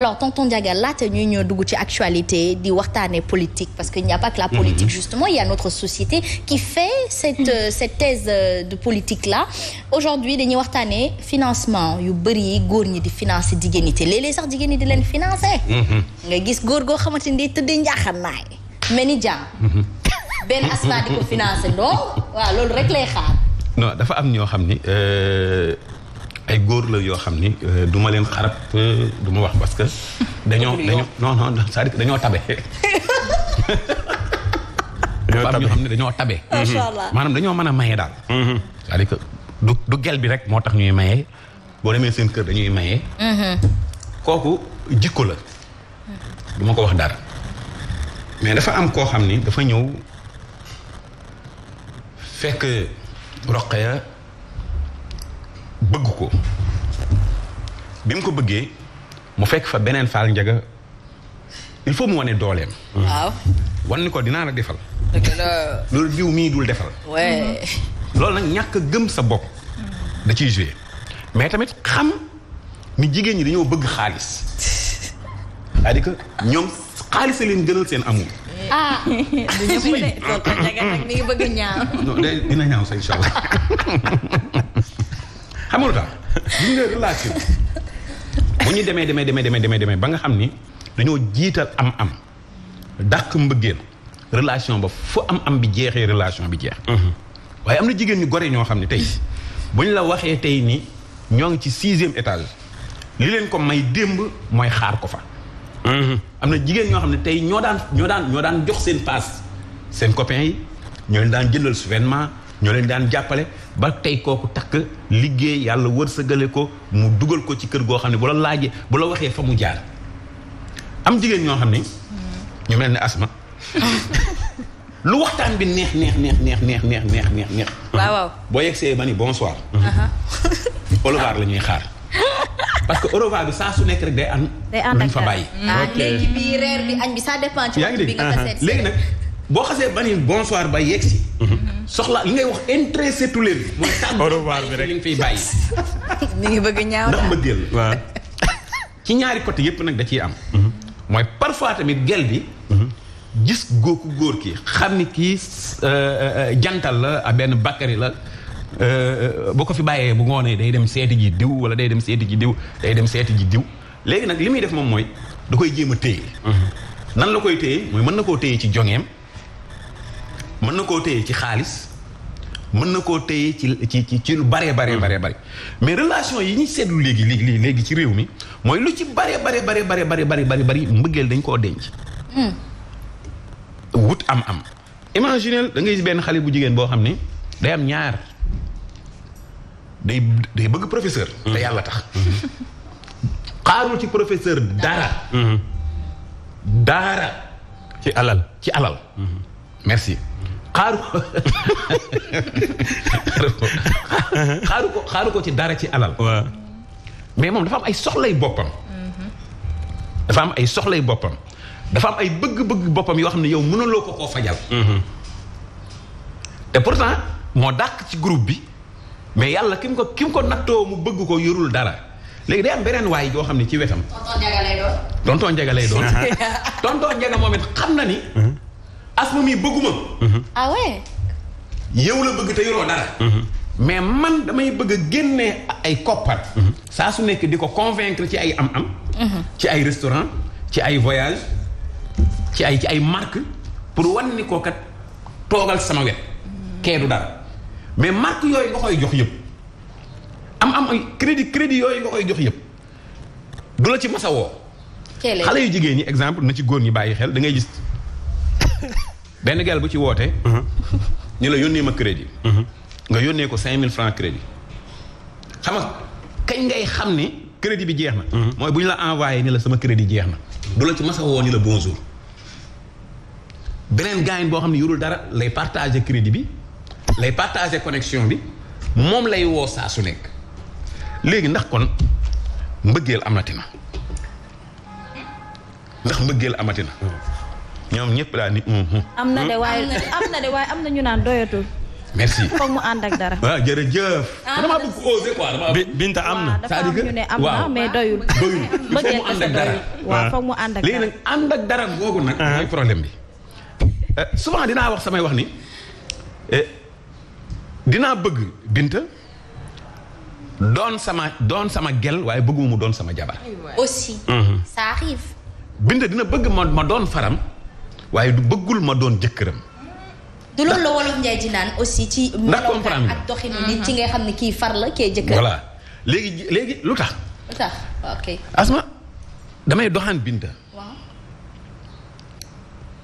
alors tonton Diaga laata ñuy ñëw dugg ci actualité di waxtaanee politique parce que il n'y a pas que la politique mhm. justement il y notre société qui fait cette mhm. euh, thèse euh, de politique là aujourd'hui dañuy waxtaanee financement yu bëri yi góor ñi di financer jigéen ñi te léeg-léeg sax jigéen ñi di leen financer. Mhm. nga gis góor goo xamante ni day tëddee njaaxaan naay mel ni jàng benn asma di ko financer donc waaw loolu rek lay xaar. dafa am ñoo xam ni. Euh, dóor la yoo xam ni euh, du ma leen xarab du wax parce que. dañoo dañoo non non cest dañoo tabe. dañoo tabe xam ne dañoo tabe. macha mhm. maanaam dañoo mën a maye daal. Mhm. cest à du gel bi rek moo tax ñuy maye boo demee seen kër dañuy maye. Mhm. kooku jikko la. duma ko wax dara. mais dafa am koo xam ni dafa ñëw fekk roqeya bëgg ko bi mu ko bëggee mu fekk fa beneen faal njaga il faut mu wane dooleem. waaw wan ko dinaa la defal. loolu diw mii dul defal. loolu nag ñàkk a gëm sa bopp. da ci joué mais tamit xam ni jigéen ñi dañoo bëgg xaalis c'est-à-dire que ñoom xaalis leen gënal seen amour. ah. bëgg ñaaw. day dina ñaaw sa incha allah xam nga lu tax. ñu ngi relation. bu ñu demee demee demee demee demee ba nga xam ni dañoo jiital am-am dàq mbëggeel relation ba foo am-am bi jeexee relation bi jeex. Mhm. waaye am na jigéen ñu gore ñoo xam ne tey mhm. bu ñu la waxee tey ni ñoo ngi ci sixième étage li leen ko may démb mooy xaar ko fa. Mhm. am na jigéen ñoo xam ne tey ñoo daan ñoo daan ñoo daan jox seen paas seen copains yi ñoo daan jëndal souverainement ñoo leen daan jàppale ba tey kooku takk liggéey yàlla wërsëgale ko mu dugal ko ci kër goo xam ne bu la laajee bu la waxee fa mu jaar am jigéen ñoo xam ne ñu mel ni asma lu waxtaan bi neex neex neex neex neex neex neex neex neex waaw waaw boo yegsee ma ni bonsoir uh-huh. la ñuy xaar parce que Orova saa su nekk rek day am. fa bàyyi. Ah, léegi bi reer bi ci bi nga uh-huh. nag boo xasee ba ni bonsoir ba yegg si. Mm-hmm. soxla li ngay wax intéressé tu leen. mooy tàggu bi rek li nga fiy bàyyi. ñu ngi bëgg ñaaw ndax mbëggeel waaw ci ñaari côté yépp nag da ciy am. Mhm. mooy parfois tamit gel bi. Mhm. gis góoku góor ki xam ni kii euh, euh, euh, jantal la a ah, benn bakkari la. boo ko fi bàyyee bu ngoonee day dem seeti ji diw wala day dem seeti ji diw day dem seeti ji diw léegi nag li muy def moom mooy da koy jéem a téye. Mhm. nan la koy téye mooy mën na koo téye ci jongeem. mën na koo téye ci xaalis mën na koo téye ci ci ci ci lu baree baree hmm. baree bari mais relation yi ñuy seetlu léegi léegi léegi ci réew mi mooy lu ci baree baree baree bari bari bari baree baree mbëggeel dañ koo denc hmm. wut am am imaginel da benn xale bu jigéen boo xam ni day am ñaar day day bëgg professeur hmm. te yàlla tax xaarul ci professeur dara dara ci alal ci alal merci xaaru ko xaaru ko xaaru ko ci dara ci alal. mais moom dafa am ay soxlay boppam. dafa am ay soxlay boppam. dafa am ay bëgg-bëgg boppam yoo xam ne yow mënuloo ko koo fajal. Mhm. et pourtant moo dàq ci groupe bi mais yàlla ki ko ki ko nattoo mu bëgg ko yorul dara léegi day am beneen waay yoo xam ne ci wetam. tonton Ndiaga lay doon. tonton Ndiaga moom it xam na ni. Mhm. asma mii bëgguma mhm. ah yow la bëgg te yoroo dara mhm. mais man damay bëgg a ay koppar mhm. saa su nekk di ko convaincre ci ay am am ci ay restaurant ci ay voyage ci ay ci ay marque pour wan ni kookat toogal sama wet kee du dara mais marque yooyu nga jox yëpp am am ay crédit crédit yooyu nga koy jox yëpp du la ci masa woo xale yu jigéen ñi exemple na ci góor ñi bàyyi xel da ngay gis benn gel bu ci wootee. ñu mhm. la yónnee ma crédit. Mhm. nga yónnee ko cinq 5000 francs crédit. xam nga kañ ngay xam ni crédit bi jeex na. Mhm. mooy bu ñu la envoyé ni la sama crédit jeex na. bu la ci masa woo ni la bonjour. beneen gaañ boo xam ne yorul dara lay partager crédit bi lay partager connexion bi moom lay woo saa su nekk léegi ndax kon mbëggeel amati na ndax mbëggeel amati na. ñoom ñëpp laa ni. Mhm. Hmm? am na de waaye am na ñu naan doyatul. merci foog mu ànd dara. waaw ah, jërëjëf. ah damaa bëgg Binta am na. dafa am ñu ne am na mais doyul. foog mu ànd dara waaw nag ànd ak dara ah. problème bi. Euh, souvent dinaa wax samay wax ni euh, dinaa bëgg Binta doon sama doon sama gel waaye bëgguma mu doon sama jabar. Mhm. Binta dina bëgg ma ma doon faram. waaye du bëggul ma doon jëkkëram. du loolu la wolof Ndiaye di naan aussi ci. ndax comprendre ak doxinu nit mhm. ci nga xam ne kii far la kee jëkkër. voilà léegi léegi lu tax. lu asma damay doxaan Binta.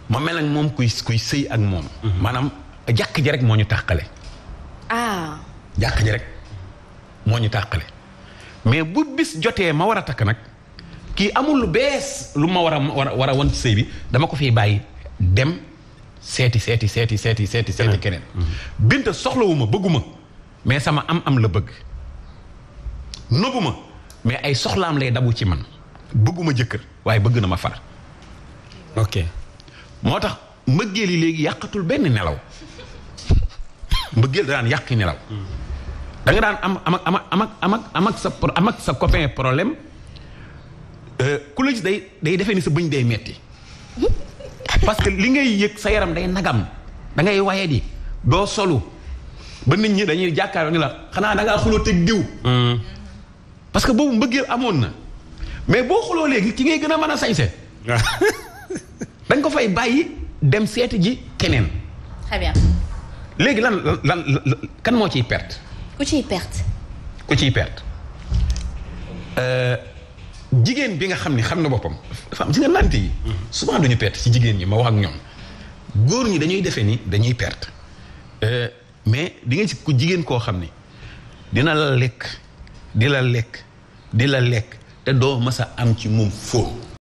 ma mel ak moom kuy kuy sëy ak moom. Mhm. maanaam jàkk ji rek moo ñu tàqale. ah. jàkk ji rek moo ñu tàqale mais bu bis jotee ma war a takk nag kii amul lu bees lu ma war a war a war a wan sëy bi dama ko fiy bàyyi. dem seeti seeti seeti seeti seeti seeti keneen mhm. binta soxlawuma bëgguma mais sama am am la bëgg nobuma mais ay soxlaam lay dabu ci man bëgguma jëkkër waaye bëgg na ma far ok moo tax mbëggeel yi léegi yàqatul benn nelaw mbëggeel daan yàqi nelaw da nga daan am am ak am ak am ak am ak sa am ak sa copain problème euh, ku la gis day day defee ni sa bëñ day metti parce que li ngay yëg sa yaram day nagam da ngay waye di doo solu ba nit ñi dañuy jàkkaarloo ni la xanaa dangaa ngaa xuloo teg diw. Hmm. parce que boobu mbëggeel amoon na mais boo xuloo léegi ki ngay gën a mën a sañse ah. dañ ko fay bàyyi dem seeti ji keneen. très léegi lan lan kan moo ciy perte. ku ciy perte. ku ciy perte. Euh, jigéen bi nga xam ni xam na boppam dafa am nga lante yi souvent duñu perte si jigéen ñi ma wax ak ñoom góor ñi dañuy defee ni dañuy perte euh, mais di nga ci ku jigéen koo xam ni dina la lekk di la lekk di la lekk te doo mës am ci moom foo